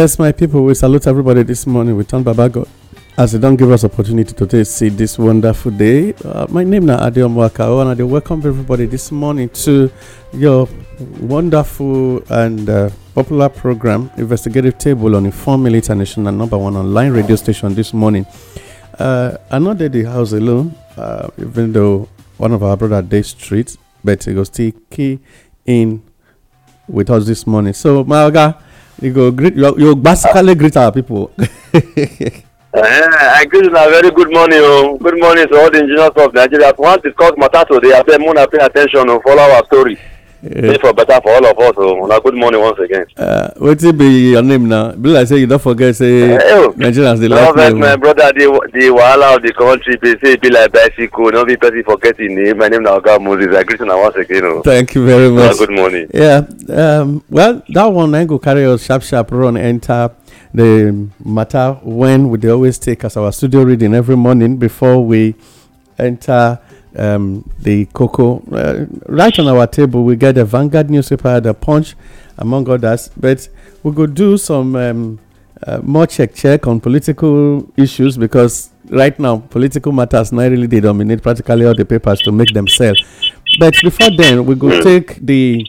Yes, my people, we salute everybody this morning. We thank Baba God as they don't give us opportunity to see this wonderful day. Uh, my name is Adiom Wakao, and I welcome everybody this morning to your wonderful and uh, popular program, Investigative Table on Informal International, number one online radio station this morning. Uh, I'm not at the house alone, uh, even though one of our brother Dave Street, but he goes still key in with us this morning. So, my guy. you go greet you, you basically uh, greet our people. Eh, I greet una very good morning o oh. good morning to all the engineers of Nigeria. We wan discuss matter today abeg una pay at ten tion o oh, follow our story. Hey eh, for better for all of us o oh. una good morning once again. Eh, wetin be your name now? be like say you don't forget say eh, oh. nigerians dey like name. Oh. my brother the wahala of the country be say e be like bicycle no be person forget him name my name na oga moses i greet you now once again o. thank you very much. good morning. yeah um, well that one na go carry us sharp sharp run enter the matter when we dey always take as our studio reading every morning before we enter. um, the cocoa. Uh, right on our table, we get the Vanguard newspaper, the Punch, among others. But we could do some um, uh, more check check on political issues because right now political matters not really they dominate practically all the papers to make them sell. But before then, we could take the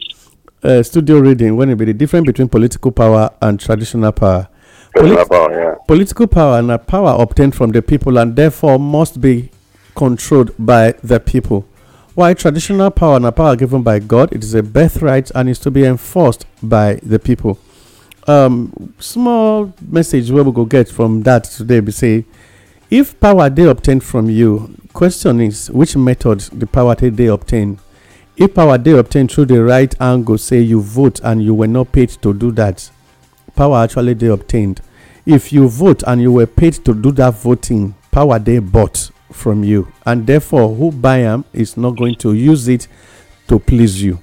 uh, studio reading when it be the difference between political power and traditional power. Polit- power yeah. Political power and a power obtained from the people and therefore must be controlled by the people. While traditional power and power given by God, it is a birthright and is to be enforced by the people. Um, small message where we go get from that today. We say, if power they obtain from you, question is which method the power they obtain. If power they obtain through the right angle, say you vote and you were not paid to do that, power actually they obtained. If you vote and you were paid to do that voting, power they bought from you. And therefore, who buy am is not going to use it to please you.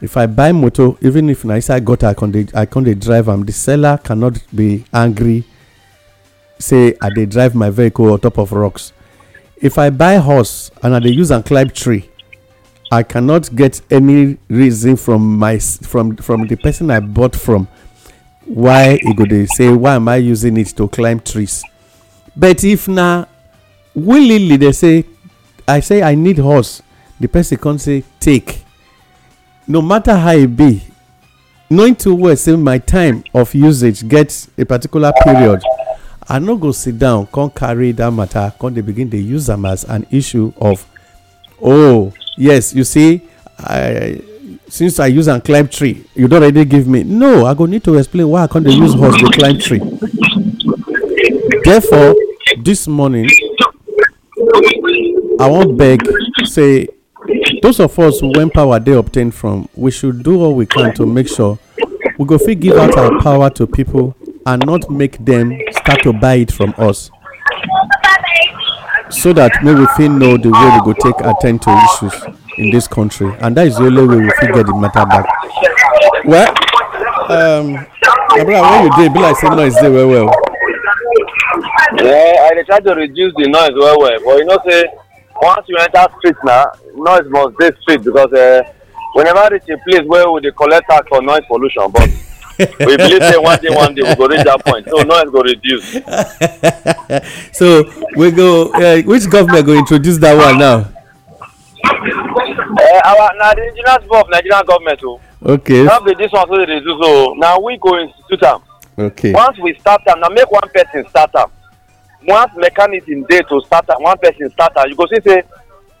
If I buy motor, even if na inside gutter I con dey I con drive am, the seller cannot be angry say I they drive my vehicle on top of rocks. If I buy horse and I they use and climb tree, I cannot get any reason from my from from the person I bought from why he go they say why am I using it to climb trees. But if now. willingly they say i say i need horse the person come say take no matter how e be knowing too well say my time of usage get a particular period i no go sit down come carry that matter come dey begin dey use am as an issue of oh yes you see i since i use am climb tree you don already give me no i go need to explain why i come dey use horse dey climb tree therefore this morning I won't beg, say, those of us when power they obtain from, we should do all we can to make sure we go fit give out our power to people and not make them start to buy it from us. So that maybe we fit know the way we go take attend to issues in this country, and that is the only way we fit get the matter back. Well, um, Abra, when you did, be like say noise there well well. Yeah, I dey try to reduce the noise well well, but you know say once you enter street na noise must dey street because uh, we never reach a place where we dey collect tax for noise pollution but we believe say one day one day we go reach that point so noise go reduce. so we go uh, which government go introduce that one now. Uh, our na the engineers board of nigerian government o. Oh. okay. no be this one so dey reduce o oh. na we go institute am okay once we start am na make one person start am once mechanism dey to start am one person start am you go see say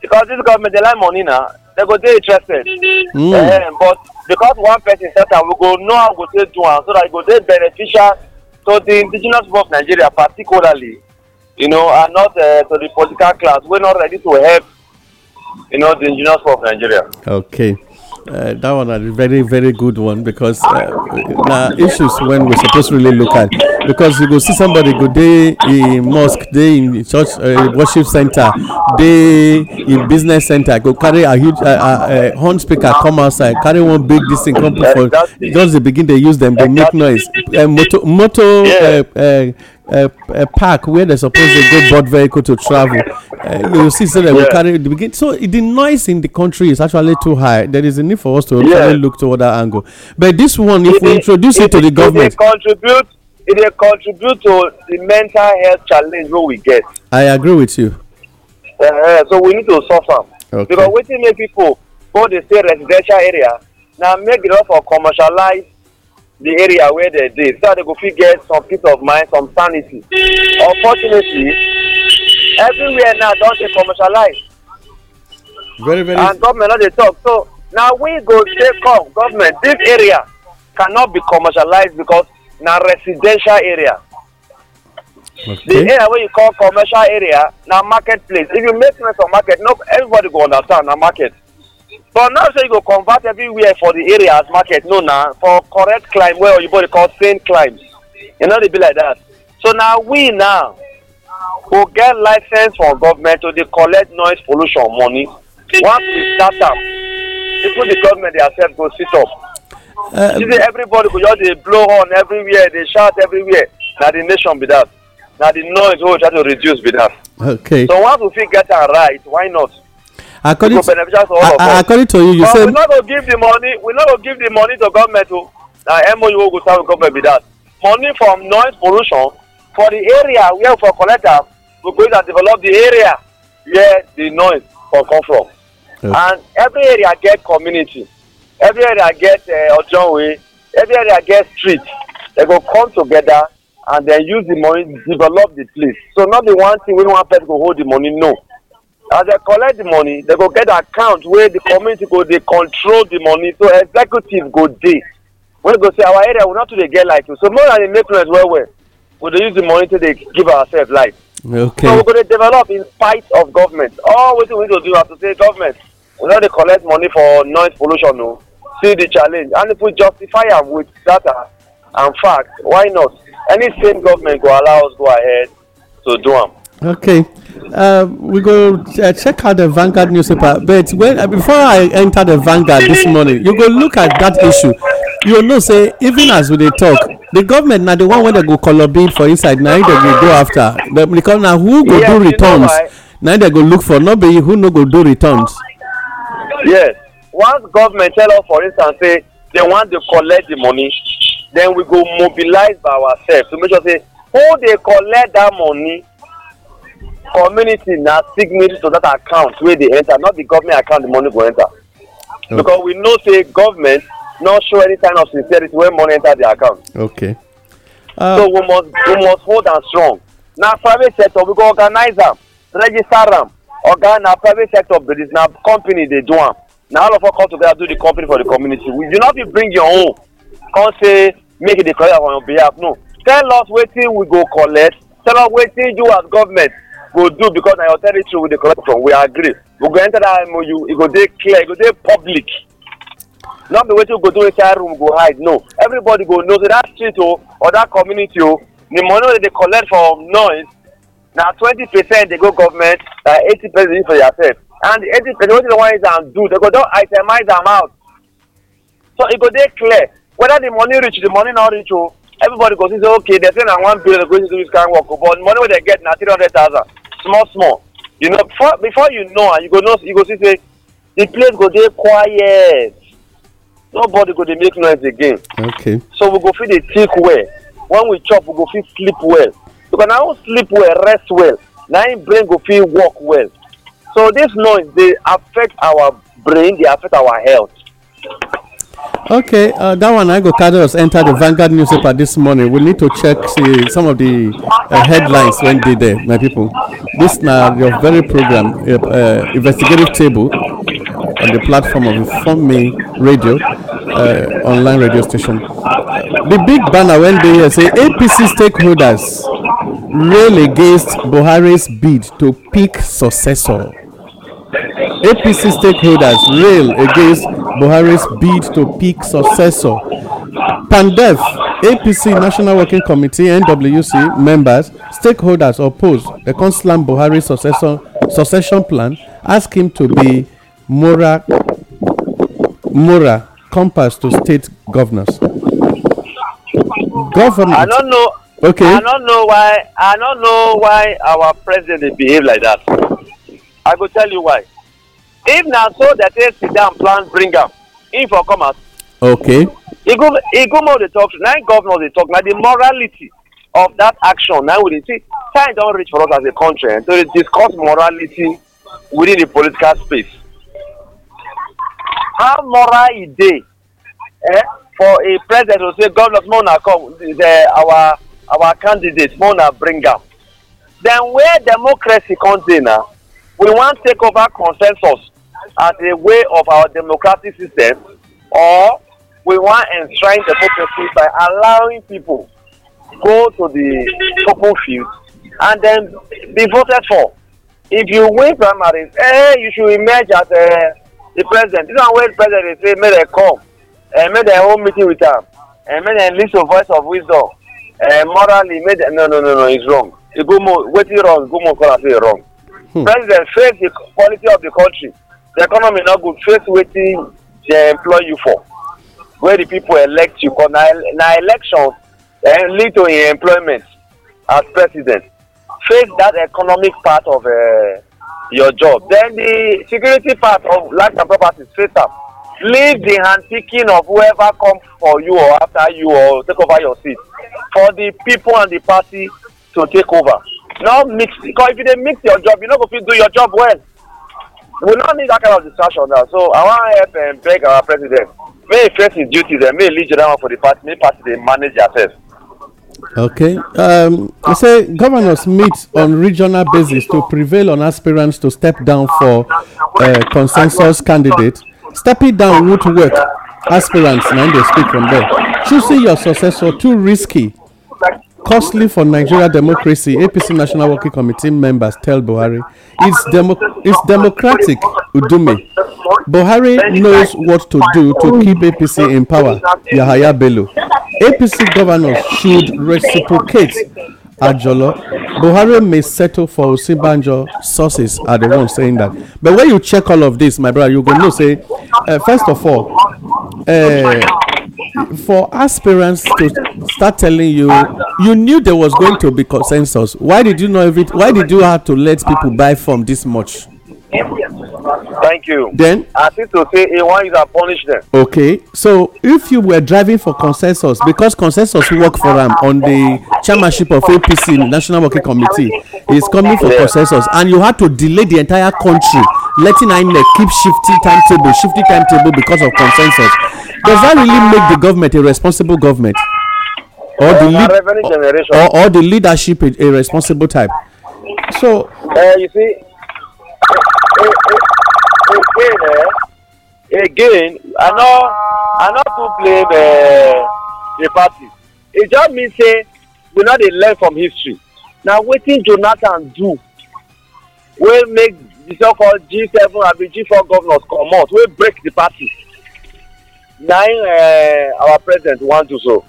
because this government dey like money na They go dey interested mm. um, but because one person start am we go know how we go take do am so that e go dey beneficial to the indigenous people of nigeria particularly you know and not uh, to the political class wey no ready to help you know the indigenous people of nigeria. okay. Uh, that one a very very good one because uh, now issues when we suppose really look at because you go see somebody go day in mosque day in church uh, worship center day in business center go carry a huge uh, uh, uh, horn speaker come outside carry one big this thing come put just dey begin dey use them they make noise uh, motor motor uh, uh, a park where they suppose they go board vehicle to travel. Eh, you see, so they will carry the beginning. So the noise in the country is actually too high. There is a need for us to really look to other angle. But this one, if we introduce it, to the government, it contribute It dey contribute to the mental health challenge wey we get. i agree with you. Uh, uh so we need to solve am. okay because wetin many people go dey stay residential area now make it up for commercialized the area where they dey so that they go fit get some peace of mind some sanity unfortunately everywhere now don dey commercialized very very and government no dey talk so na we go take up government this area cannot be commercialized because na residential area okay. the area wey you call commercial area na market place if you make sense of market no everybody go understand na market but now say you go convert everywhere for the area as market no na for correct climb well, oyibo dey call sane climb e no dey be like that so na we now go get license from government to dey collect noise pollution money once we start am even the government dey accept go sit up uh, you see everybody go just dey blow horn everywhere dey shout everywhere na the nation be that na the noise wey we try to reduce be that okay so once we fit get am right why not according to, according to you you but say. we no go give the money we no go give the money to government oh. o na mou wey go serve government be that money from noise pollution for the area where we for collect am we go use am develop the area where the noise for come from okay. and every area get community every area get uh, ojonwe every area get street they go come together and then use the money develop the place so not the one thing wey one person go hold the money no as they collect the money they go get account wey the community go dey control the money so executive go dey wey go say our area we no too dey get like you so more than dey make noise well well we dey use the money to dey give ourselves life. okay so we go dey develop in spite of government all wetin we need to do na to say government we no dey collect money for noise pollution o see the challenge and if we justify am with data uh, and facts. why not any sane government go allow us go ahead to do am. Okay. Uh, we go uh, check out the Vanguard newspaper. But when uh, before I enter the Vanguard this morning, you go look at that issue. You know, say even as we dey talk, the government na the one when they go color bid for inside na im go after. But because now who go yes, do returns na im go look for, nobody who no go do returns. Yes, once government tell us for instance say they want to collect the money, then we go mobilize by ourselves to make sure say who they collect that money community na signatory to that account wey dey enter not the government account the money go enter okay. because we know say government no show any kind of sincerity when money enter their account. okay. Uh, so we must we must hold am strong na private sector we go organize am register am oga na private sector business na company dey do am na all of us come together do the company for the community we do not fit bring your own come say make you dey collect on your behalf no tell us wetin we go collect tell us wetin you as government go do because na your territory we dey collect from we agree we go enter that mou e go dey clear e go dey public not be wetin we go do inside room go hide no everybody go know say that street o oh, or that community o oh, the money wey dey collect from noise na twenty percent dey go government na eighty percent dey for yourself and the eighty percent wetin dem wan use am do dem go don itemize am out so e go dey clear whether the money reach the money no reach o oh, everybody go see say okay dem say na one billion dem go use do this kind of work but the money wey dem get na three hundred thousand small small you know before before you know and ah, you go know you go see say the place go dey quiet nobody go dey make noise again okay so we go fit dey think well when we chop we go fit sleep well because na who sleep well rest well na him brain go fit work well so this noise dey affect our brain dey affect our health Okay, uh, that one I go Carlos entered the Vanguard newspaper this morning. We need to check see, some of the uh, headlines when they there, my people. This now your very program, uh, uh, investigative table on the platform of Inform Me Radio, uh, online radio station. The big banner when they say APC stakeholders rail against Buhari's bid to pick successor. APC stakeholders rail against Buhari's bid to pick successor. PANDEF, APC National Working Committee, NWC members, stakeholders oppose the Consulam Buhari succession, succession plan, ask him to be Mora, Mora compass to state governors. Government. I don't know. Okay. I don't know why. I don't know why our president behave like that. I go tell you why if na so dem take sit down plan bring am him for come out. okay. igumo dey talk na im governor dey talk na the morality of that action na we dey see time don reach for us as a country eh, to dey discuss morality within the political space how moral e dey eh, for a president to say governor more na come the, eh, our our candidate more na bring am then where democracy come dey na we wan take over consensus as a way of our democratic system or we want to enshrine democracy by allowing people go to the open field and then be voted for if you win primaries eh you should emerge as uh, the president this one wey the president dey say make dem come eh, make dem hold meeting with am eh, make dem lis ten voice of wisdom eh, morally make dem no no no no it's wrong e go mo wetin wrong go mo call am say e wrong. Hmm. president face the quality of the country the economy no good face wetin dey employ you for wey the people elect you cause na na election eh, lead to im employment as president face that economic part of uh, your job then the security part of land and property face am leave the hand picking of whoever come for you or after you or take over your seat for the people and the party to take over no mix because if you dey mix your job you no go fit do your job well we no need that kind of distraction now so i wan help um, beg our president may he face his duties and eh, may he lead general for the party May party dey manage theirself. Okay. Um, you say governors meet on regional basis to prevail on aspirants to step down for uh, consensus candidate. Stepping down would work. Aspirants, now they speak from there. Choosing your successor too risky costly for Nigeria democracy, APC National Working Committee members tell Buhari. It's, demo- it's democratic, Udumi. Buhari knows what to do to keep APC in power, Yahaya Bello. APC governors should reciprocate, Ajolo. Buhari may settle for Osinbanjo sources are the ones saying that. But when you check all of this, my brother, you go know, say, uh, first of all, uh, for aspirants to start telling you you knew there was going to be consensus why did you know every why did you have to let people buy from this much thank you then i think to say a one is a punish them okay so if you were driving for consensus because consensus work for am um, on the chairmanship of apc national working committee is coming for yeah. consensus and you had to delay the entire country letting inec keep shifting timetable shifting timetable because of consensus does that really ah. make the government a responsible government or the lead or, or, the leadership a, a responsible type so. Uh, you see again eh, again i no i no too blame uh, the party It just mean say we no dey learn from history na wetin jonathan do wey make the so called g seven abi g 4 governors comot wey break the party nine uh, our president want to so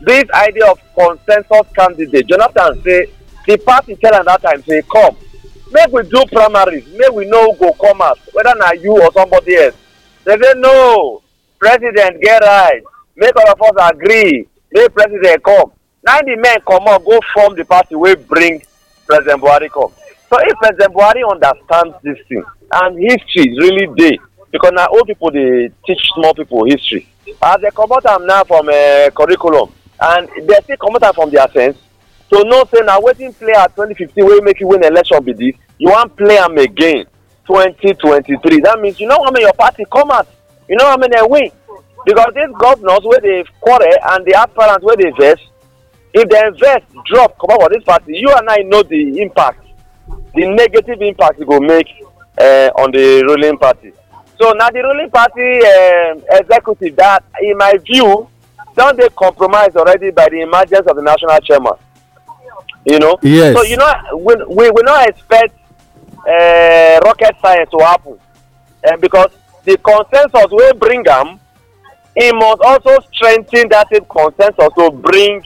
this idea of consensus candidate jonathan say the party tell am that time say come make we do primaries make we know who go come out whether na you or somebody else they say no president get right make all of us agree make president come na the men comot go form the party wey bring president buhari come so if president buhari understand this thing and history really dey because now old people dey teach small people history as they comot am now from uh, curriculum and they still comot am from their sense to so know say na wetin play at twenty wey make you win election be this you wan play am again 2023. that means you know how many your party come out you know how many dem win because these governors wey dey quarrel and the apparent parents wey dey vex if dem vex drop comot for this party you and i know the impact the negative impact e go make uh, on the ruling party so na the ruling party um, executive that in my view don dey compromised already by the emergence of the national chairman you know yes so you know we we, we no expect uh, rocket science to happen uh, because the consensus wey bring am e must also strengthen that same consensus to bring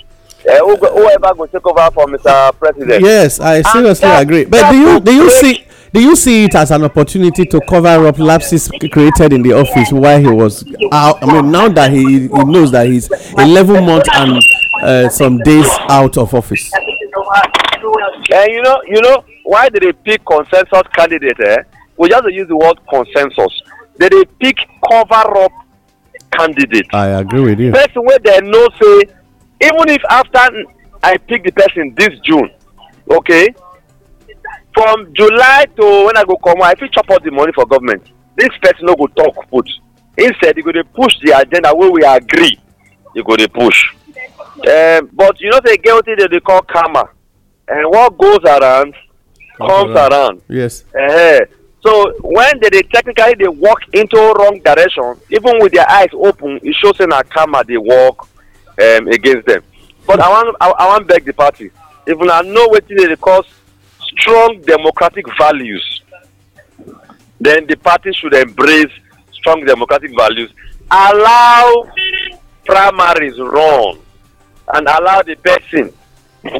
uh, whoever go take over for mr president yes i seriously that, agree but do you do you see Do you see it as an opportunity to cover up lapses created in the office while he was out? I mean, now that he, he knows that he's 11 months and uh, some days out of office. And eh, you know, you know, why did they pick consensus candidate? Eh? We just use the word consensus. Did they pick cover up candidate? I agree with you. Person where they know say, even if after I pick the person this June, okay, from july to when i go comot i fit chop all the money for government this person no go talk put instead he go dey push the agenda wey we agree He go dey push um, but you know say e get wetin dem dey call karma and um, what goes around comes around, around. yes uh, so when they dey technically dey walk into wrong direction even with their eyes open e show say na karma dey work um, against them but i wan i, I wan beg the party if una know wetin dey dey cause strong democratic values, then the party should embrace strong democratic values. Allow primaries run and allow the person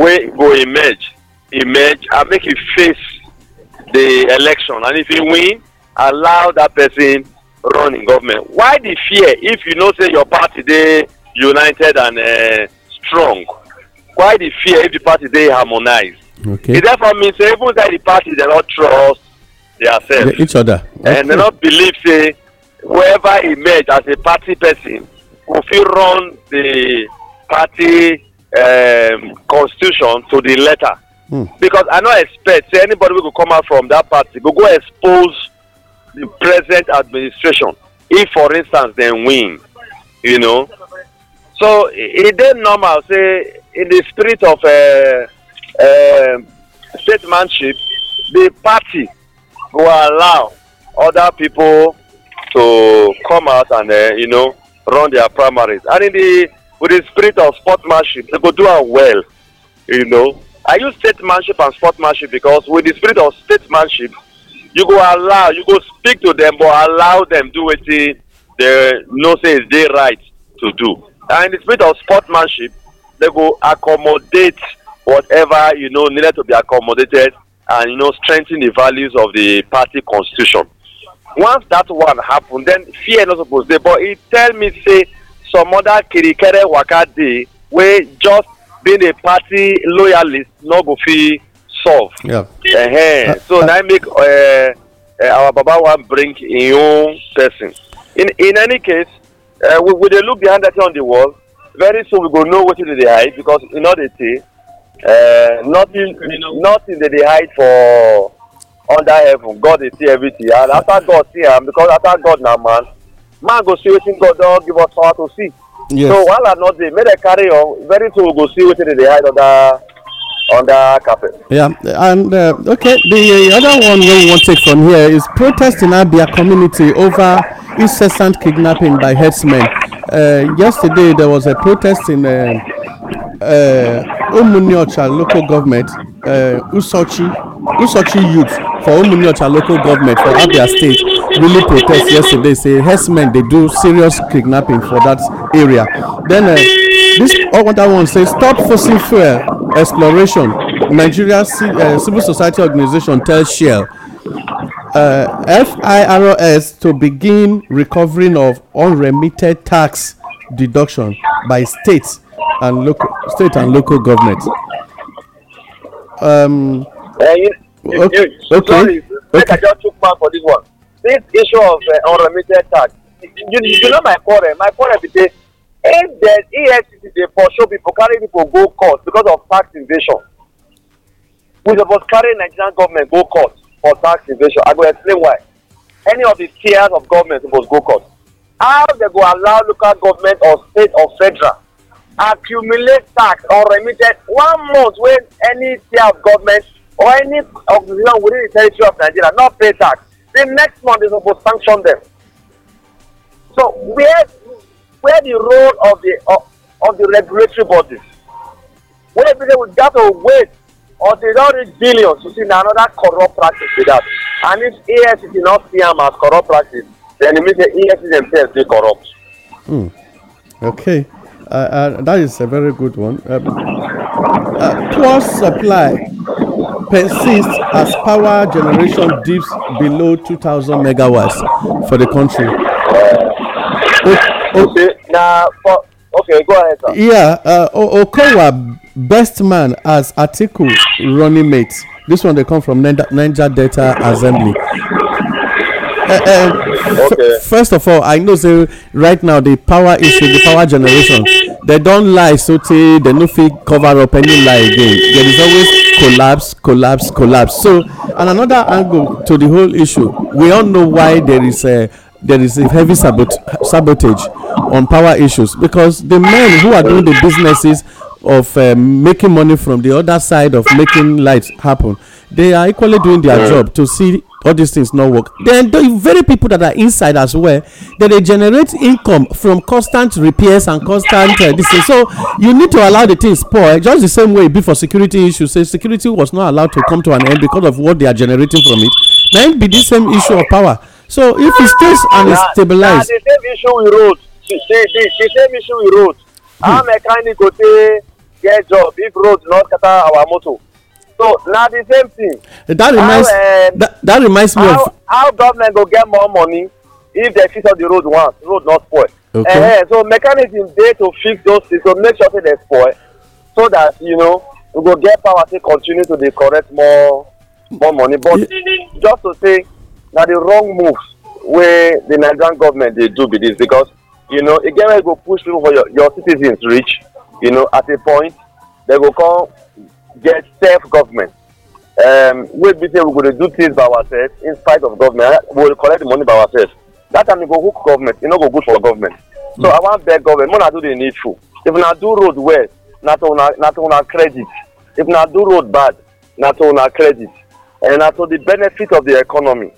wey go emerge emerge and make e face the election and if he win allow that person run in government why the fear if you know say your party dey united and uh, strong why the fear if the party dey harmonized Okay. It therefore means say even inside the party they not trust themselves. Each other. Okay. And they not believe say whoever emerge as a party person go fit run the party um, constitution to the letter. Mm. Because I no expect say anybody wey go come out from that party go go expose the present administration if for instance dem win you know so e, e dey normal say in the spirit of uh, um, statesmanship, the party will allow other people to come out and uh, you know run their primaries. And in the with the spirit of sportsmanship, they go do it well. You know, I use statesmanship and sportsmanship because with the spirit of statesmanship, you go allow, you go speak to them, but allow them do what they, they know say is their right to do. And in the spirit of sportsmanship, they go accommodate whatever you know needed to be accommodated and you know strengthen the values of the party constitution once that one happen then fear no suppose dey but e tell me say some other kirikere waka dey wey just being a party loyalist no go fit solve yeah. uh -huh. so uh, na make uh, uh, our baba wan bring im own person in in any case uh, we we dey look behind that thing on the wall very soon we go know wetin dey dey hide because e no dey tey nothing, uh, nothing that they hide for under heaven. God is see everything. And after God see am, um, because after God na man, man go see wetin God don give us power to see. Yes. So wahala no dey. Make dem carry on. Very soon we go see wetin dey hide under under carpet. Yeah, and uh, okay, the other one wey we wan take from here is protest in Abia community over incessant kidnapping by herdsmen. Uh, yesterday there was a protest in uh, uh, Umuniocha local government, uh, Usochi, Usochi youth for Umuniocha local government for Abia state really protest yesterday. Say herdsmen they do serious kidnapping for that area. Then uh, this other oh, one says stop fossil fuel exploration. Nigeria uh, civil society organization tells Shell uh, FIRS to begin recovering of unremitted tax deduction by state and local state and local government. Um, uh, okay. okay. Sorry, okay. I just took man for this one. This issue of uh, unremitted tax. You, you know my quarrel. My quarrel is say if the EFCC dey pursue people carry people go court because of tax evasion, we supposed carry Nigerian government go court for tax evasion i go explain why any of the tiers of government suppose go court how they go allow local government or state or federal accumulate tax or remitted one month when any tier of government or any organization within the territory of nigeria not pay tax the next month they suppose sanction them so where where the role of the of, of the regulatory bodies Where be say we gats to wait or they don reach billions you see na another corrupt practice be that and if efcc no see am as corrupt practice then e mean say efcc themselves dey corrupt. Hmm. okay uh, uh, that is a very good one. Uh, uh, poor supply persists as power generation dips below 2,000 megawatts for the country. okay, okay. now for, Okay, go ahead, sir. Yeah, uh, o- Okowa, best man as Atiku running mate. This one they come from Ninja Data Assembly. Uh, uh, okay. f- first of all, I know say right now the power issue, the power generation, they don't lie so they no fit cover up any lie again. There is always collapse, collapse, collapse. So, and another angle to the whole issue, we all know why there is a uh, there is a heavy sabotage on power issues because the men who are doing the businesses of uh, making money from the other side of making light happen they are equally doing their job to see all these things not work then the very people that are inside as well that they generate income from constant repairs and constant uh, this thing. so you need to allow the things spoil just the same way before security issues say security was not allowed to come to an end because of what they are generating from it then be the same issue of power so if e stays and e stabilize. na the same issue we road the the same issue we road how mechanic go take get job if road no scatter our motor so na the same thing. that reminds how, um, that, that reminds me how, of. how government go get more money if they fix up the road once road no spoil. okay uh, so mechanism dey to fix those things to so make sure say they spoil so that you know we go get power to continue to dey correct more more money but yeah. just to say na the wrong moves wey the nigerian government dey do be this because you know e get where you go push through for your your citizens reach you know at a point they go come get self government um, wey be say we go dey do things by ourselves in spite of government we go collect the money by ourselves that time e go hook government e no go good for government so hmm. i wan beg government make una do the needful if una do road well na to una na to una credit if na do road bad na to una credit and na to the benefit of the economy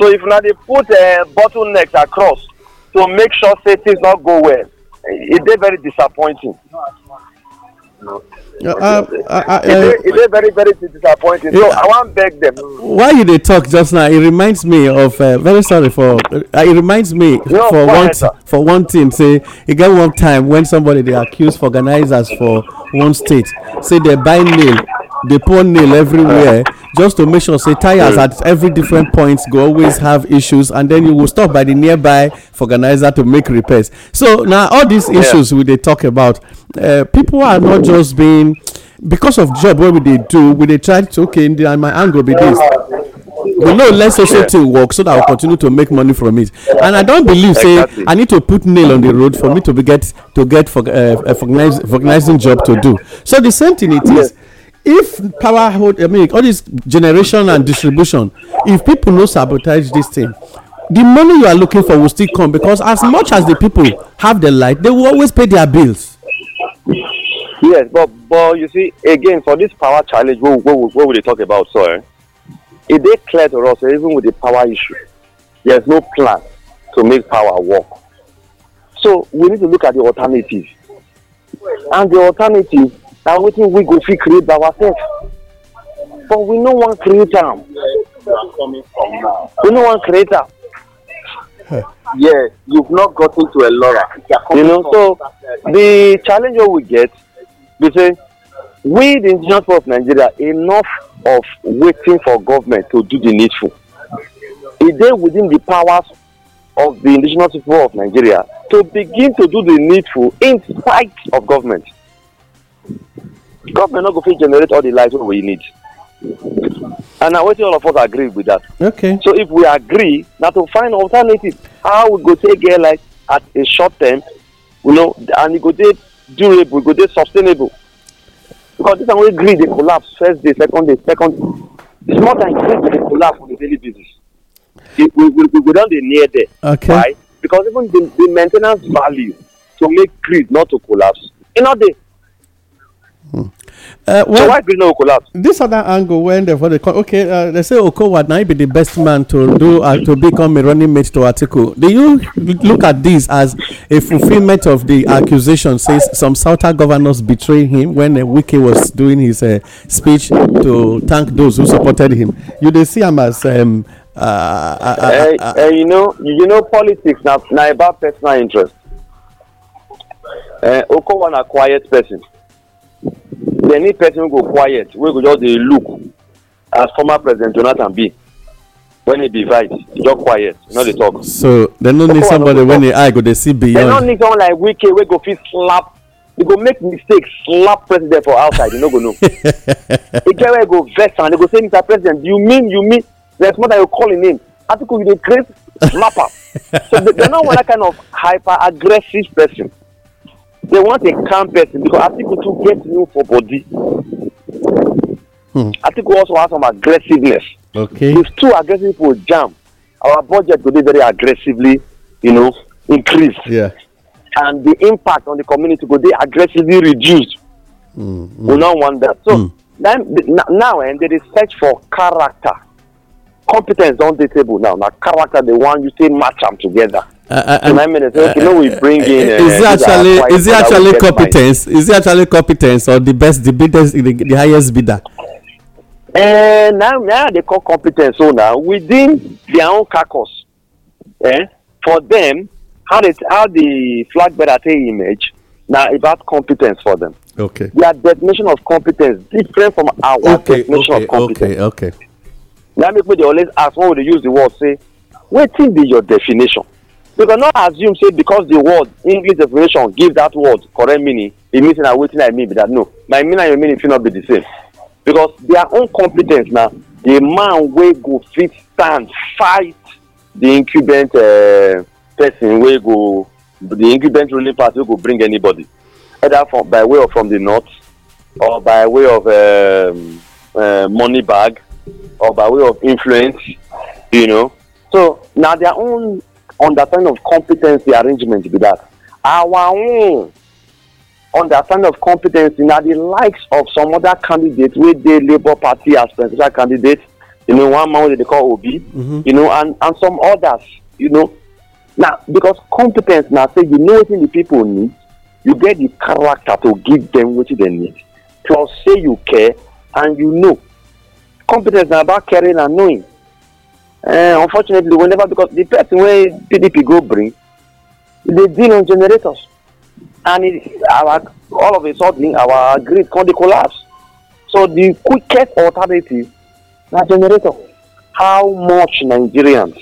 so if una dey put uh, bottlenecks across to make sure say things no go well e dey very disappointing. No. Um, e uh, uh, e it dey very very disappointing so i wan beg dem. why you dey talk just now e reminds me of uh, very sorry for uh, it reminds me for one for one thing say e get one time when somebody dey accuse organizers for one state say dey buy nail dey pour nail everywhere just to make sure say tires at every different point go always have issues and then you will stop by the nearby organizer to make repairs so now all these issues we they talk about uh, people are not just being because of job what we they do we they try to okay and my angle be this we know less social thing work so that we continue to make money from it and i don't believe say i need to put nail on the road for me to be get to get for uh, eh, eh, recognizing job to do so the same thing it is if power hold i mean all this generation and distribution if people no sabotage this thing the money you are looking for will still come because as much as the people have the light they will always pay their bills. yes but but you see again for this power challenge what what what we dey talk about so eh e dey clear to us even with the power issue there is no plan to make power work so we need to look at the alternatives, and the alternatives na wetin we go fit create by ourselves but we no wan create am we no wan create am. yes you've not got into a lora, you know so the challenge wey we get be say we the indigenous people of nigeria enough of waiting for government to do the needful e dey within the powers of the indigenous people of nigeria to begin to do the needful in spite of government government no go fit generate all the light wey we need and na wetin all of us agree with that. okay so if we agree na to find alternative how we go take get light at a short term you know and e go dey durable e go dey sustainable because this time wey gree dey collapse first day second day second small time gree dey collapse on a daily basis we we we go don dey near there. okay why because even the the main ten ance value to make gree not to collapse e no dey. Hmm. Uh, well, so why Greener collapse? This other angle when they for the okay, uh, they say Okowa now be the best man to do uh, to become a running mate to Atiku. Do you look at this as a fulfillment of the accusation? Says some Southern governors betrayed him when uh, Wiki was doing his uh, speech to thank those who supported him. You they see him as. Um, uh, uh, uh, you know, you know, politics now, now about personal interest. Uh, Okowa a quiet person they need person go quiet wey go just dey look as former president jonathan be when he be vice e just quiet e no dey talk. so dem no need somebody wey im eye go dey see beyond. dem no need someone like wike wey go fit slap e go make mistake slap president for outside you no go know e get where e go vex am e go say mr president you mean you mean there's more than you call him name article you dey create slap am so dem no want that kind of hyper aggressive person they want a calm person because atiku too get new for body hmm. atiku also has some aggressiveness okay if too aggressive people jam our budget go be very aggressively you know increased yeah. and the impact on the community go be aggressively reduced mm, we no want that so mm. then now and they dey search for character competence on the table now Now character dey wan you take match them together Uh, uh, and, I mean, okay, you know, we bring uh, in. Uh, is it actually is it actually competence? Is it actually competence or the best, the biggest, the, the highest bidder? And eh, now, now they call competence So now, within their own carcass. Eh? For them, how they how the flag bearer image now about competence for them. Okay. Their definition of competence different from our okay, definition okay, of competence. Okay. Okay. Now make me always ask, what would they use the word? Say, what is your definition? we cannot assume say because the word english definition give that word correct meaning e mean say na wetin i mean be that no my meaning and your meaning fit not be the same because their own competence na the man wey go fit stand fight the incumbent uh, person wey go the incumbent ruling party wey go bring anybody either from by way of from the north or by way of um, uh, money bag or by way of influence you know so na their own understanding of competency arrangement be that our own understanding of competency na the likes of some other candidates wey dey labour party as presidential candidates you know one man wey dey call obi mm -hmm. you know and and some others you know na because competence na say you know wetin the people need you get the character to give them wetin they need plus say you care and you know competence na about caring and knowing uh, unfortunately whenever because the person where pdp go bring they deal on generators and it, our all of a sudden our grid come the collapse so the quickest alternative na generator how much nigerians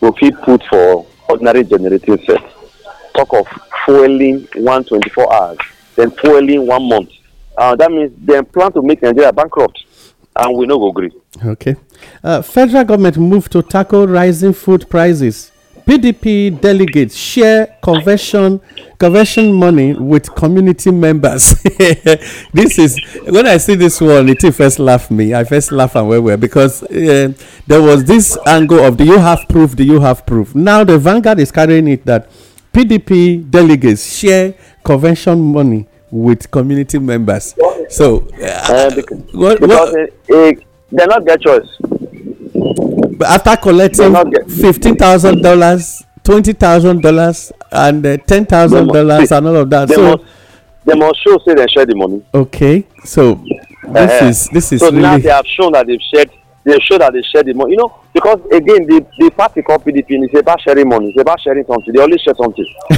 will keep put for ordinary generating set talk of fueling one twenty-four hours then fueling one month uh, that means they plan to make nigeria bankrupt and we no go green. okay Uh, federal government move to tackle rising food prices. PDP delegates share conversion conversion money with community members. this is when I see this one, it first laughed me. I first laughed and where are because uh, there was this angle of do you have proof? Do you have proof? Now the vanguard is carrying it that PDP delegates share convention money with community members. So uh, uh, because, what, because it, uh, it, they not get choice. but after collecting fifteen thousand dollars twenty thousand dollars and uh, ten thousand dollars and all of that so must, they must show say they share the money. okay so this uh, is this is so really so now they have shown that they shared they show that they share the money you know because again the the party called pdp is about sharing money it's about sharing something they only share something.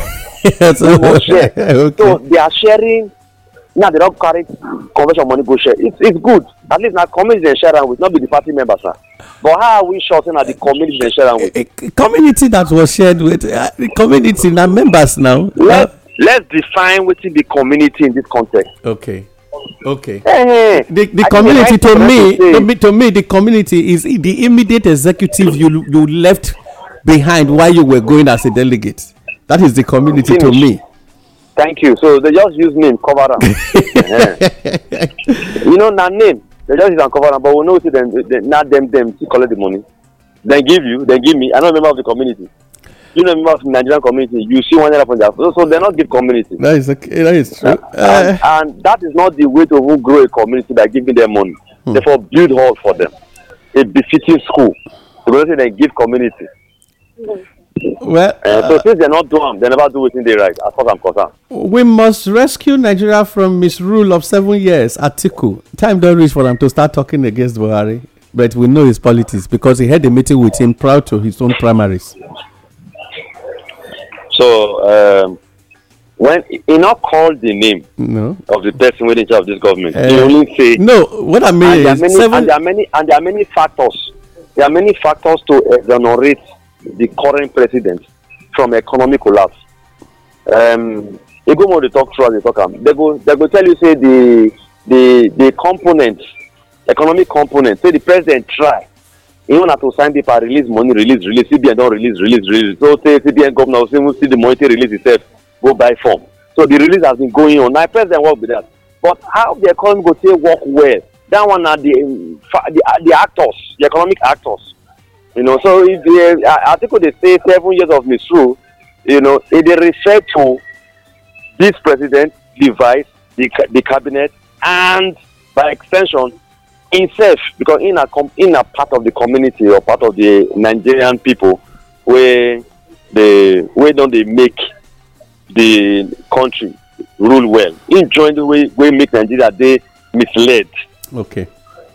yes, they must share okay. so they are sharing now they don carry convention money go share it's it's good at least na community dem share am with not be the party members ah but how are we sure say na the community dem share am with. A eh, eh, community that was shared with uh, the community na members now. let uh, let's define wetin be community in this context. okay okay hey, the, the community to me to me to me the community is the immediate executive you you left behind while you were going as a delegate that is the community Finish. to me thank you so they just use name cover eh. them. you know not name they just use am cover am but we know say dem na them dem still collect the money They give you They give me i no member of the community you know member of the nigerian community you see one naira from there. so so dem no give community. that is okay that is true. Uh, and, uh. and that is not the way to grow a community by giving them money. Hmm. therefore build hall for them a befitting school the community they give community. Mm. Well, uh, uh, so since they're not doing, they never do within the right, as far as I'm concerned. We must rescue Nigeria from misrule of seven years, Atiku. Time don't reach for them to start talking against Buhari, but we know his politics because he had a meeting with him prior to his own primaries. So, um, when he not called the name no. of the person within charge of this government, uh, he only say no. What I mean and is, there many, seven... and there are many, and there are many factors. There are many factors to uh, exonerate the current president from economic collapse um, go more dey talk throughout the talk am dem go dem go tell you say the the the component economic component say the president try even na to sign paper release money release release cbn don release release release so say cbn governor say even see the money take release itself go buy form so the release has been going on na president work be that but how the economy go take work well that one na the, um, the the actors the economic actors You know, so if the uh, article they say seven years of misrule, you know, it they refer to this president, the vice, the, the cabinet, and by extension, himself, because in a com- in a part of the community or part of the Nigerian people where they where don't they make the country rule well. In join the way we make Nigeria they misled. Okay.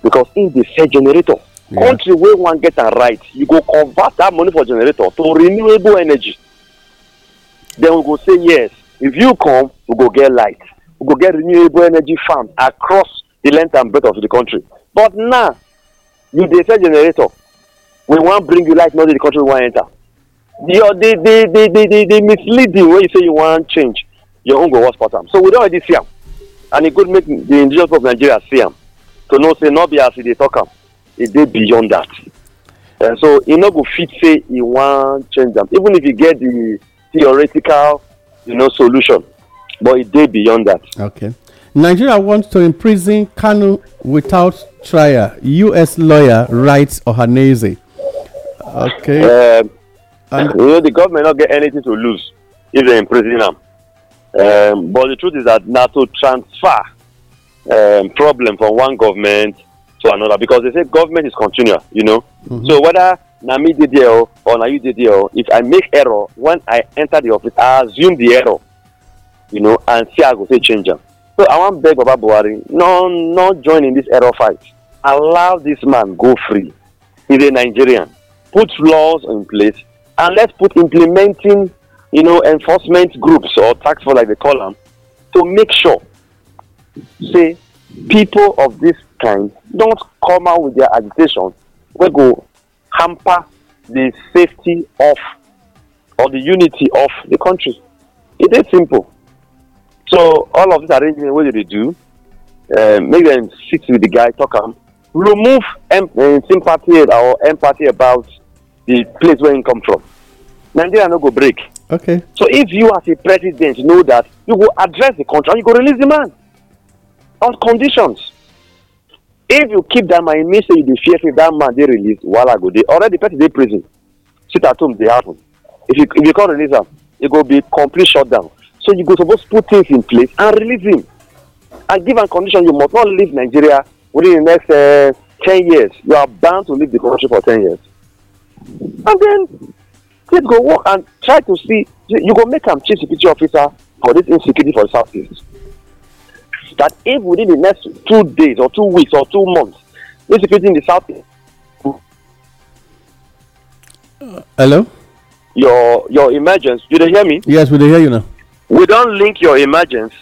Because in the third generator country wey wan get am right you go convert that money for generator to renewable energy then we go say yes if you come we go get light we go get renewable energy farm across the length and breadth of the country but now you dey sell generator we wan bring you light not the country we wan enter your the the the the the the misleading wey you say you wan change your own go worse pass am so we don already see am and e good make the indigenous people of nigeria see am to know say no be as e dey talk am e dey beyond that uh, so e no go fit say e wan change am even if e get the theoretical you know solution but e dey beyond that. okay nigeria wants to imprison kanu without trial us lawyer writes ohaneze. okay. Um, and you know the government no get anything to lose if they imprison am um, but the truth is that na to transfer um, problem from one government to another because they say government is continuous, you know. Mm-hmm. So whether na me did deal or na you did deal, if I make error when I enter the office, I assume the error, you know, and see I go say change them. So I want beg Baba Buhari, no, not join in this error fight. Allow this man go free. He's a Nigerian. Put laws in place and let's put implementing, you know, enforcement groups or tax for like they call them to make sure, say people of this kind don't come out with their agitation wey go hamper the safety of or the unity of the country e dey simple so all of this arrangement wey dey do uh, make dem sit with the guy talk am remove em uh, sympathy or empathy about the place where he come from nigeria no go break okay so if you as a president know that you go address the country and you go release the man on conditions if you keep that man e mean say you dey fear say dat man dey released wahala go dey already person dey prison sit at home dey happen if you if you come release am e go be complete shutdown so you go suppose put things in place and release him and give am condition you must not leave nigeria within the next uh, ten years you are bound to leave the country for ten years and then things go work and try to see you, go make am chief security officer for this insecurity for the southeast that if within the next two days or two weeks or two months, insecurity in the south. Hello. Your your emergence. Do they hear me? Yes, we hear you now. We don't link your emergence,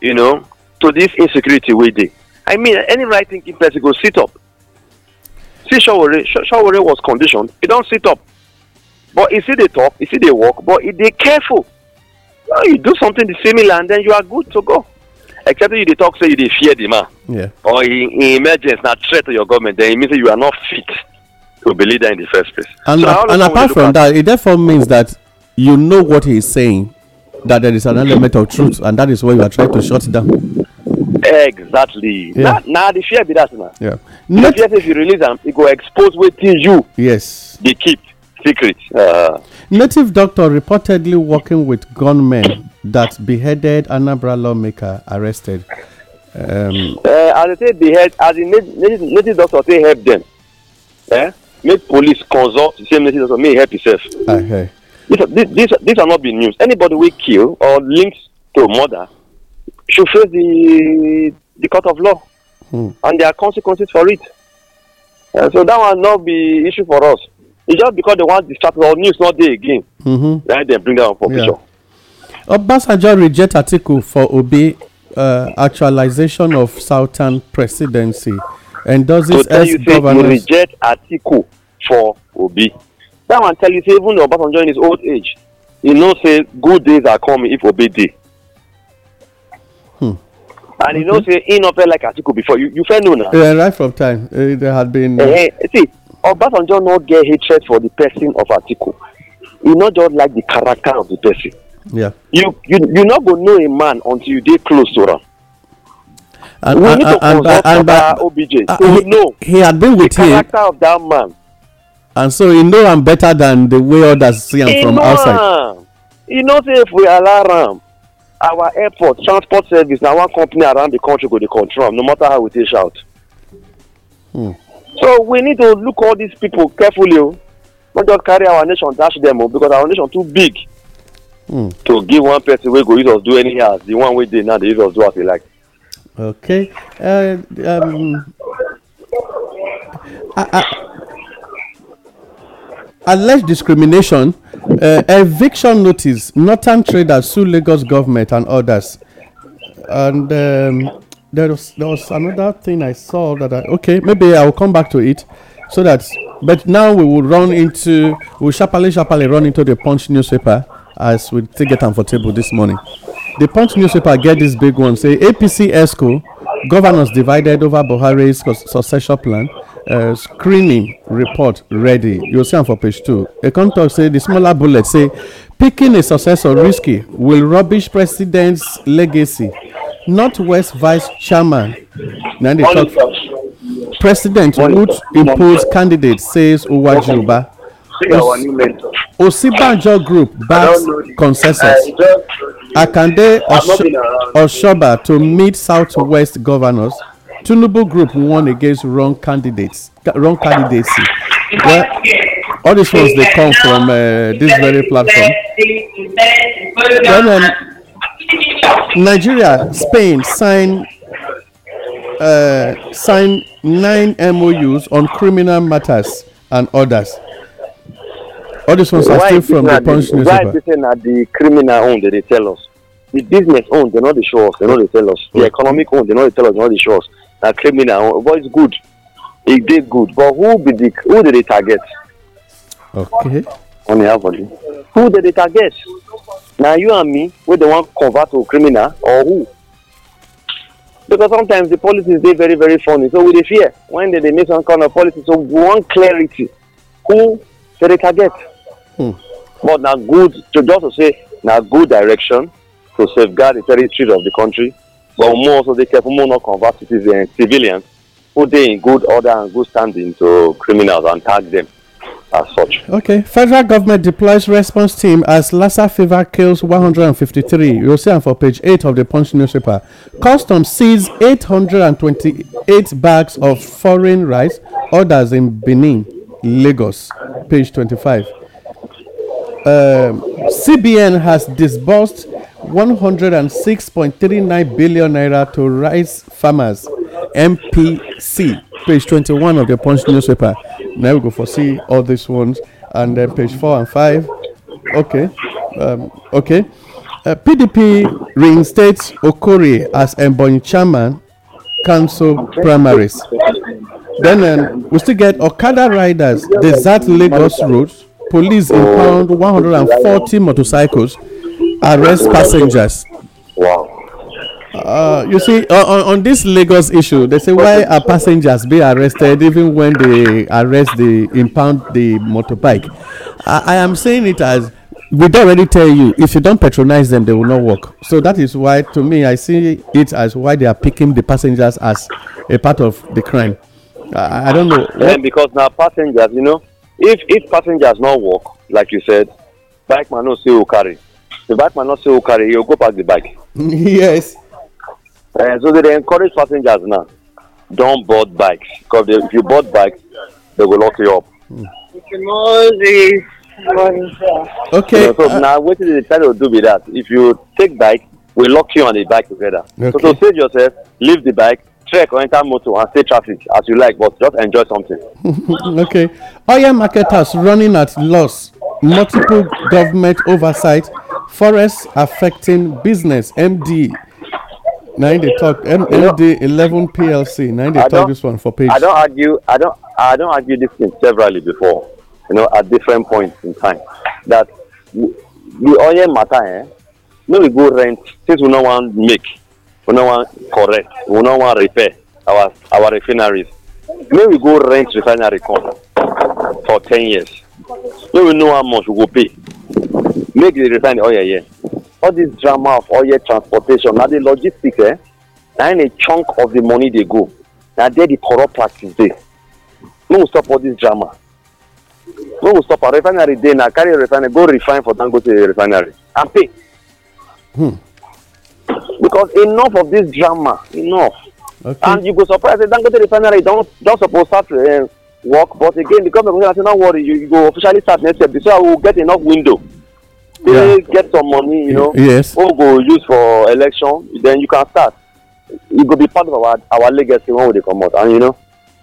you know, to this insecurity we did. I mean, any right thinking person go sit up. See, Shawore, Shawore was conditioned. He don't sit up, but he see they talk, he see they walk, but he they careful. You, you do something similar, and then you are good to go. except you dey talk say you dey fear the man yeah. or in, in emergency na threat to your government then e mean say you are not fit to be leader in the first place. and, so and apart from that it therefore means that you know what he is saying that there is an element of truth and that is why you are trying to shut down. exactly yeah. na na the fear be that na. Yeah. the fear say if you release am e go expose wetin you. yes dey keep secret. Uh, native doctor reportedly working with gunmen that beheaded Anambra lawmaker arrested? Um, uh, as they say behead, as the native, native doctor say help them. Eh? Make police consult the same native doctor may help himself. Okay. Ah, these, these, these are not be news. Anybody we kill or links to murder should face the the court of law, hmm. and there are consequences for it. Uh, so that will not be issue for us. It's just because they want to distract our news not there again. Mm-hmm. Then they bring that up for yeah. Obasanjo reject Atiku for Obi uh, actualization of Southern presidency endorses so S governance. You reject Atiku for Obi. That one tell you say even Obasanjo in his old age, he know say good days are coming if Obi dey. Hmm. And mm you know say he no felt like Atiku before. You you fair know now. Yeah, right from time uh, there had been. Uh, uh, see, Obasanjo not get hatred for the person of Atiku. He not just like the character of the person yeah. you you you no go know a man until you dey close to am. And, we and, need to and, consult and, by, OBJ uh, so he, know he had been with the character of that man. And so he know I'm better than the way others see am from outside. Am. He know if we allow am our airport transport service now one company around the country go dey control am no matter how we take shout. Hmm. So we need to look all these people carefully o. Oh. Not just carry our nation dash them o oh, because our nation too big. Hmm. to give one person wey go use us do any else. the one wey dey now dey use us do as he like. okay uh, um, alleged discrimination uh, eviction notice northern traders sue lagos government and others and um, there was there was another thing i saw that i okay maybe i will come back to it so that but now we will run into we will sharply sharply run into the punch newspaper as we take get am for table this morning the punch newspaper get this big one say apc esco governors divided over buhari's succession plan uh, screening report ready You'll see on for page two A come talk say di smaller bullet say picking a successor risky will rubbish president's legacy northwest vice chairman na dey president would impose candidate says uwajuba three Os, our new mentors. Osibanjo Group backs consensus. Uh, Akande Osoba to meet Southwest governors. Tunubu Group won against wrong candidates, wrong candidacy. Well, all these ones they come from uh, this very platform. When um, Nigeria, Spain sign uh, signed nine MOUs on criminal matters and others. All these ones are still from the punch newspaper. Why is it that the criminal own that they tell us? The business own, they know they show us, they know they tell us. The mm. economic own, they know they tell us, they know they show us. That criminal own, but it's good. It did good. But who be the, who did they target? Okay. On the average. Who did they target? Now you and me, we the one convert to criminal or who? Because sometimes the policies they very, very funny. So we they fear when they, they make some kind of policy. So we want clarity. Who did they target? Hmm. but na good to just to say na good direction to safeguard the territory of the country but more also dey careful more not convert citizens civilians who dey in good order and good standing to criminals and tag them as such. okay federal government deploys response team as lassa fever kills 153 you will see am for page 8 of the punch newspaper customs seize 828 bags of foreign rice orders in benin lagos page 25 um, CBN has disbursed 106.39 billion naira to rice farmers, MPC, page 21 of the Punch newspaper. Now we go for C all these ones, and then page 4 and 5. Okay, um, okay. Uh, PDP reinstates Okori as Embony chairman, council primaries. Then um, we still get Okada riders desert Lagos route. police oh, impound 140 motorcycles, arrest passengers. Wow. Uh, you see, on, on this Lagos issue, they say why are passengers being arrested even when they arrest the impound the motorbike? I, I am saying it as we don't already tell you if you don't patronize them, they will not work. So that is why, to me, I see it as why they are picking the passengers as a part of the crime. I, I don't know. Yeah, because now passengers, you know, if if passengers no work like you said bike man no say who carry the bike man no say who carry he go park the bike. yes. Uh, so they dey encourage passengers now don board bikes because if you board bikes they go lock you up. Okay. You know, so uh, now wetin dey try to do be that if you take bike we lock you and the bike together. Okay. So to save yourself leave the bike trek or enter motor and stay traffic as you like but just enjoy something. okay oil marketers running at loss multiple government oversight forests affecting business md na im dey talk md eleven plc na im dey talk this one for page. i don argue i don i don argue this thing severally before you know at different points in time that the oil matter eh no be go rent since we no wan make we no wan correct we no wan repair our our refineries make we go rent refinery come for ten years make we know how much we go pay make the refinery oil oh, here all this drama of oil transportation na the logistics eh na in a chunk of the money dey go na there the corrupt practice dey No stop all this drama No stop our refinery dey na carry refinery go refine for dangote refinery and pay. Hmm because enough of this drama enough okay. and you go surprise say dangote refinery don don suppose start uh, work but again the government say no worry you, you go officially start next year so i will get enough window they yeah. get some money you know yes we go use for election then you can start e go be part of our our legacy when we dey comot and you know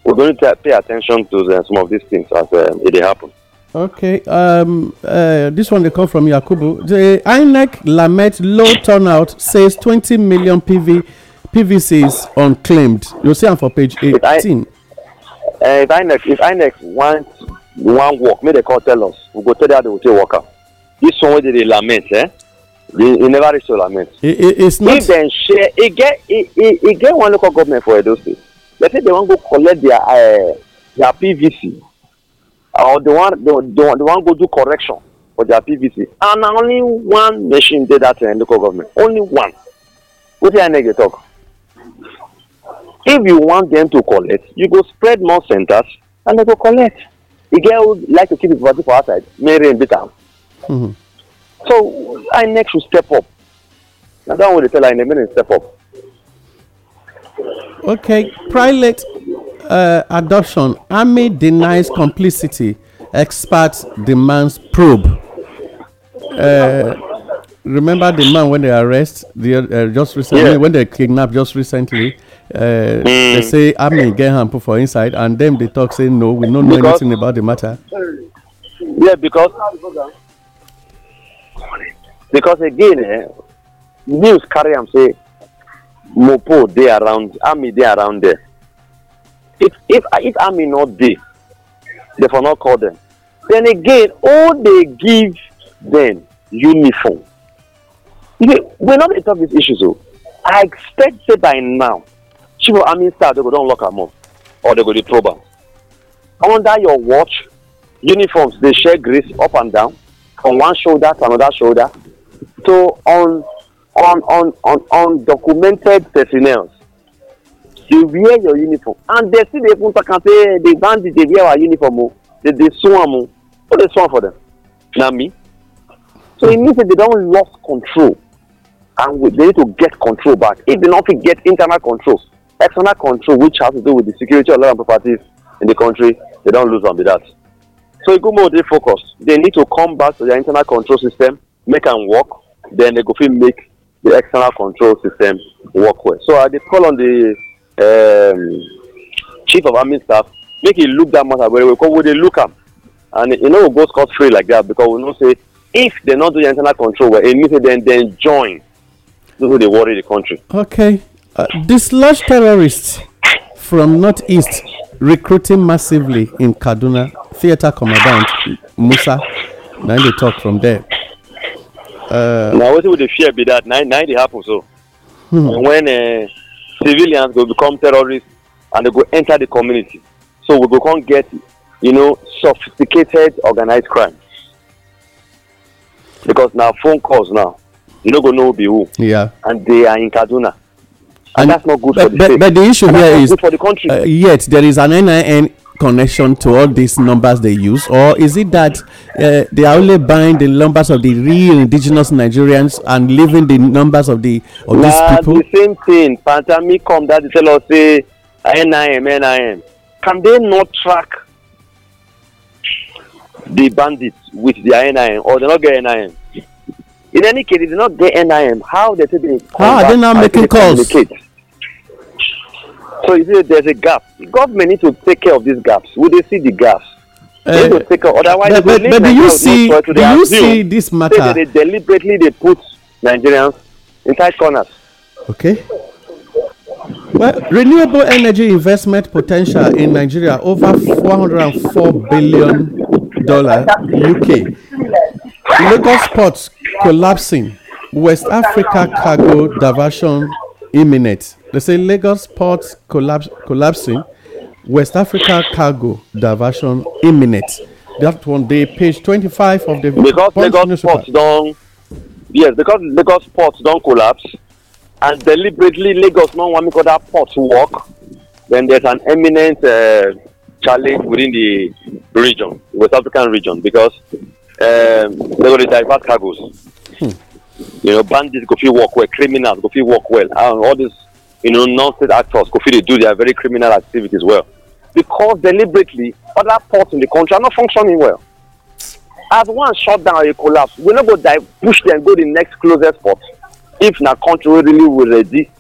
we go need to pay at ten tion to uh, some of these things as uh, e dey happen. Okay. Um, uh, this one they come from Yakubu. The INEC lament low turnout says 20 million PV PVCs unclaimed. You see, I'm for page 18. If, uh, if INEC if INEC want one work, may they call tell us. We go tell them they will take worker. This one where they lament, eh? They, they never reach to lament. It, it, it's not. If they share, it e get it, it, it get one local government for Edo State. They say they want to collect their uh, their PVC or uh, they want they, they, want, they want go do correction for their PVC. And na only one machine dey that uh, local government. Only one. Wetin INEC dey talk? If you want them to collect, you go spread more centers and they go collect. E get who like to keep the property for outside, may rain beat am. Mm-hmm. So INEC should step up. Na that one dey tell INEC make dem step up. Okay, private uh, adoption, Army denies complicity. Expert demands probe. Uh, remember the man when they arrest the uh, just recently yeah. when they kidnapped just recently. Uh, mm. They say Army get him put for inside, and them they talk say no, we don't know because, anything about the matter. Yeah, because because again, eh, news carry am say Mopo they around, Army they around there if if if army not dey they for not call them. then again all they give them uniform you know we no dey talk these issues o oh. i expect say by now chief of army staff They go don lock am up or they go dey probe am under your watch uniforms dey share grace up and down from one shoulder to another shoulder to on on on on undocumented personnel you wear your uniform and they still dey even talk am say the bandit dey wear our uniform o oh. they dey sue am o oh. who dey sue am for them na me so e mean say they don lost control and we, they need to get control back if they no fit get internal control external control which has to do with the security of land properties in the country they don lose am be that so igumo e dey focused they need to come back to their internal control system make am work then they go fit make the external control system work well so i dey call on the um, chief of army staff make e look that matter very well because we dey look am and e no go go scot free like that because we know say if dem no do their internal control well e mean say dem dem join those who dey worry the country. okay uh, dislodge terrorists from northeast recruiting massively in kaduna theatre commandant musa na him dey talk from there. Uh, na wetin we dey fear be that na na dey happen so. Hmm. when uh, civilians go become terrorists and they go enter the community so we go come get you know sophisticated organized crime because na phone calls now you no go know who be who yeah. and they are in kaduna and, and that's not good but, for the but, state but the issue and here is for the country uh, yet there is an nin connection to all these numbers they use, or is it that uh, they are only buying the numbers of the real indigenous Nigerians and leaving the numbers of the of these uh, people? the same thing. Pandemic come that tell us say NIM NIM. Can they not track the bandits with their NIM, or they not get NIM? In any case, if they not get NIM, how they say they? How are they now making calls? Communicate? so you see there's a gap government need to take care of these gaps we dey see the gaps They need to eh, take care otherwise but, but, but do you see no do you see this matter say they dey deliberately dey put nigerians inside corners. okay. Well, renewable energy investment potential in Nigeria over 404 billion dollar UK. Lagos ports collapsing. West Africa cargo diversion imminent. They say Lagos port collapse, collapsing, West Africa cargo diversion imminent. That one day, page 25 of the because Lagos port don't yes because Lagos port don't collapse and deliberately Lagos no want make that port work. Then there's an imminent uh, challenge within the region, West African region, because um, going to divert cargoes. Hmm. You know, bandits go fit work well, criminals go fit work well, and all these you know non-state actors go fit dey do their very criminal activities well because deliberately other ports in the country are not functioning well. As one shut down or collapse, we no go dive push dem go the next closest port if na country wey really we ready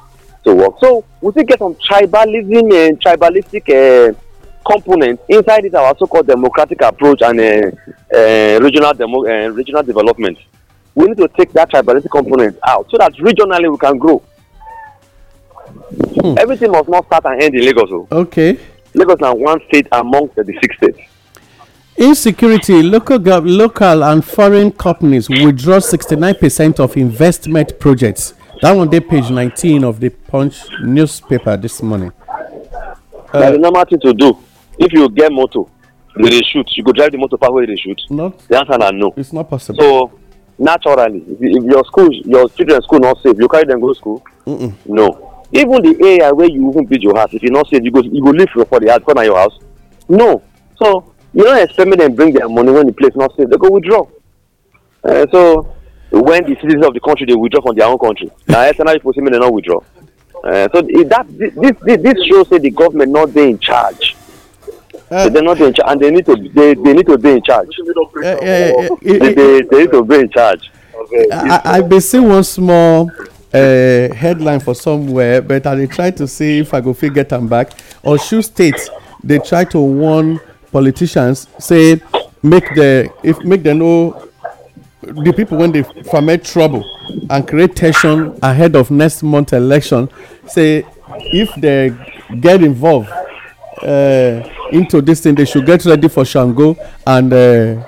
to work. So we still get some tribalism and uh, tribalistic uh, eh, component inside it. our so-called democratic approach and uh, uh, regional demo uh, regional development we need to take that tribalistic component out so that regionally we can grow. Hmm. Everything must not start and end in Lagos. Oh. Okay. Lagos is one state among 36 states. Insecurity, local, local and foreign companies withdraw 69% of investment projects. That one day, page 19 of the Punch newspaper this morning. Uh, That's the normal thing to do. If you get motor, they shoot. You go drive the motor pass where they shoot. No, the answer is no. It's not possible. So naturally if your school your children school not safe you carry them go school mm -mm. no even the area where you even build your house if you not safe you go you go leave for the house come na your house no so you no expect make dem bring their money when the place not safe they go withdraw uh, so when the citizens of the country dey withdraw from their own country na external people say make dem no withdraw uh, so that this this this show say the government no dey in charge Uh, they're not in charge, and they need to they, they need to be in charge. Uh, uh, they, they, they need to be in charge. Okay. I, I been see one small uh, headline for somewhere, but I try to see if I go fit get am back. Osun State They try to warn politicians say make the if make them know the people when they ferment trouble and create tension ahead of next month election say if they get involved Uh, into this thing, they should get ready for Shango and. Uh,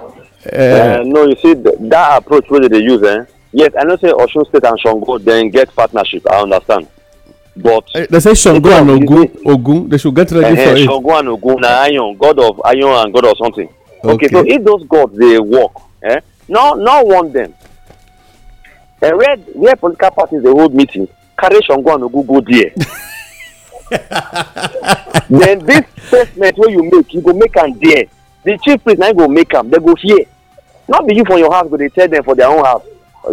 uh, no, you see, that approach wey they use, eh? yes, I know say Osun State and Shango then get partnership, I understand. But eh, they say Shango and Ogun, Ogun, they should get ready for uh-huh, it. Shango and Ogun, na iron, god of iron and god of something. Okay, so if those gods dey work, eh? No, no want them. And eh, where, where political parties dey hold meeting. carry Shango and Ogun go there. then this statement wey you make you go make am there the chief priest na go make am They go fear Not be you for your house go dey tell them for their own house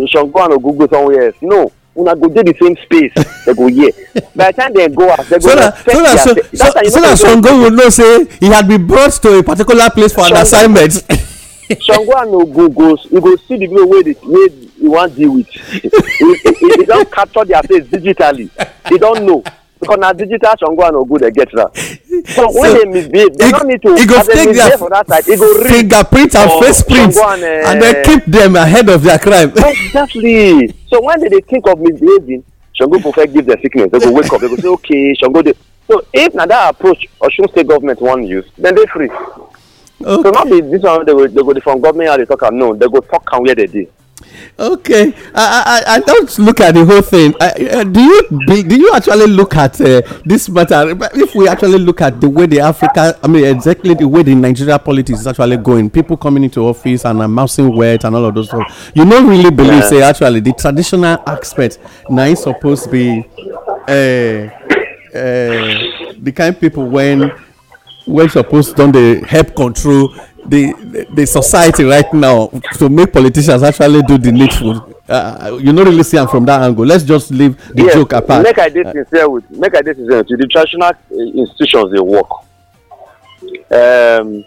shango and ogungo somewhere else no una go dey the same space They go hear by the time they go out dem go so respect their so that so that shango will know say he had been brought to a particular place for an assignment. shango and ogungo you go see the people wey dey wey you wan deal with e don capture their face digitally e don know because na digital sango and ogu get now so, so when they misbehave they no need to as they misbehave for that side e go read fingerprint and face print and, uh, eh. and then keep them ahead of their crime. exactly so when they dey think of misbehaving sango go first give them sickness they go wake up they go say okay sango dey so if na that approach osun state government wan use then dey free okay. so no be this one they go they go dey from government how they talk am no they go talk am where they dey okay I, I i don't look at the whole thing I, uh, do you do you actually look at uh, this matter if we actually look at the way the africa i mean exactly the way the nigeria politics is actually going people coming into office and amassing wealth and all of those stuff you don't really believe yeah. say actually the traditional aspect now is supposed to be uh, uh, the kind of people when wey suppose don dey help control the, the the society right now to make politicians actually do the needful uh, you no really see am from that angle let's just leave the yes, joke apart. make i dey sincere with make i dey sincere with you the traditional uh, institutions dey work um,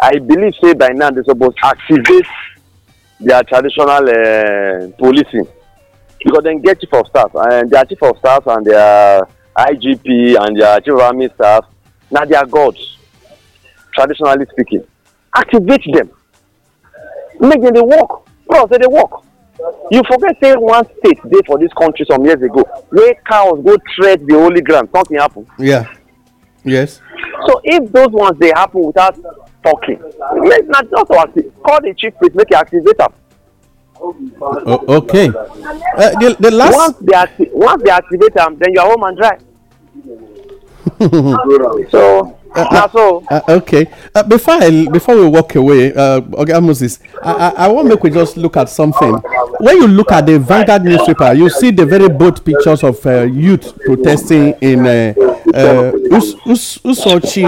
i believe say by now they suppose activate their traditional uh, policing because dem get chief of staff and their chief of staff and their igp and their chief of army staff na their gods traditionally speaking activate them make them dey work bros dey dey work you forget say one state dey for dis country some years ago wey cows go tread the holy ground something happen. Yeah. yes. so if those ones dey happen without talking make na just our call the chief priest make he activate am. okay. Uh, the, the last. Once they, acti once they activate am then you are home and dry. so Uh, so. Uh, uh, okay. Uh, before I, before we walk away, uh, okay, Moses, I, I, I want make we just look at something. When you look at the Vanguard newspaper, you see the very bold pictures of uh, youth protesting in uh, Us, Us, Usochi,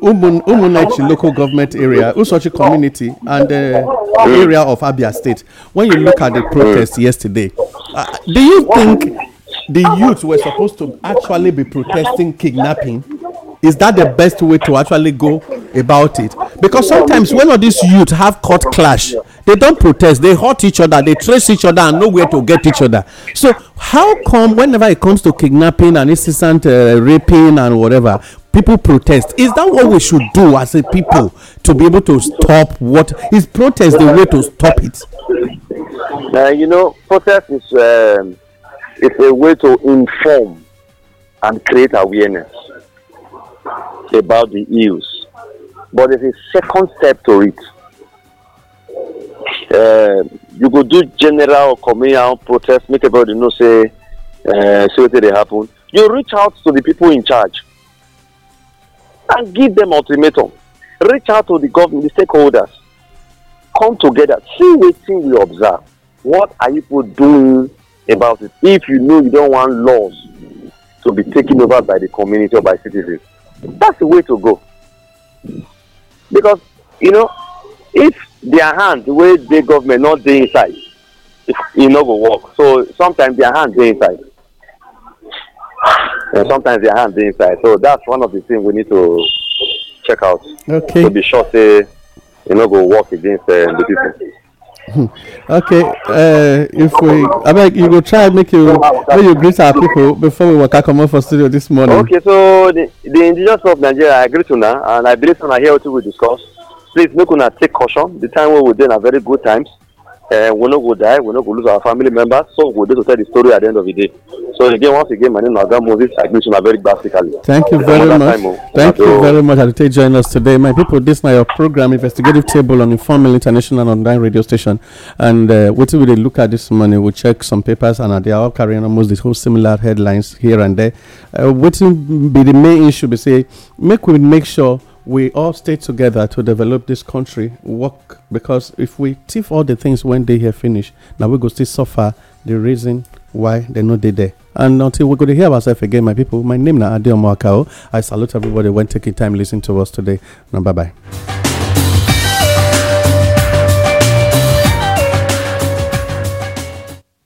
Umun, Umunachi local government area, Usochi community, and the area of Abia State. When you look at the protest yesterday, do you think? the oh, youth were supposed to actually be protesting kidnapping is that the best way to actually go about it because sometimes when all these youth have court clash they don't protest they hurt each other they trace each other and nowhere to get each other so how come whenever it comes to kidnapping and incessant uh, raping and whatever people protest is that what we should do as a people to be able to stop what is protest the way to stop it uh, you know protest is um it's a way to inform and create awareness about the ills. But there's a second step to it. Uh, you go do general coming protest, make everybody know say uh, see what they happen. You reach out to the people in charge and give them ultimatum. Reach out to the government, the stakeholders. Come together, see what we observe. What are people doing about it if you know you don't want laws to be taken over by the community or by citizens that's the way to go because you know if their hand wey the government not dey inside it no go work so sometimes their hand dey inside and sometimes their hand dey inside so that's one of the things we need to check out okay to be sure say you know go work against uh, the people. okay uh, if we I mean, you go try and make you make you greet our people before we walk out come comot for studio this morning. okay so the the indigenous of nigeria i greet now, and i believe I hear what we discuss please make una take caution the time wey we dey na very good times uh, we no go die we no go lose our family members so we go dey to tell the story at the end of the day so again once again my name na oga moses agbeshin very basically. thank you very much time, oh. thank so, you very much as you join us today my people this na your program investigative table on informal international online radio station and uh, wetin we dey look at this morning we check some papers and they are all carrying almost the whole similar headlines here and there uh, wetin be the main issue be say make we make sure we all stay together to develop this country, work, because if we thief all the things when they here finish, now we go still suffer the reason why they know they there. And until we go to hear ourselves again, my people, my name now Adio Mwakao. I salute everybody when taking time listening to us today. Now, bye bye.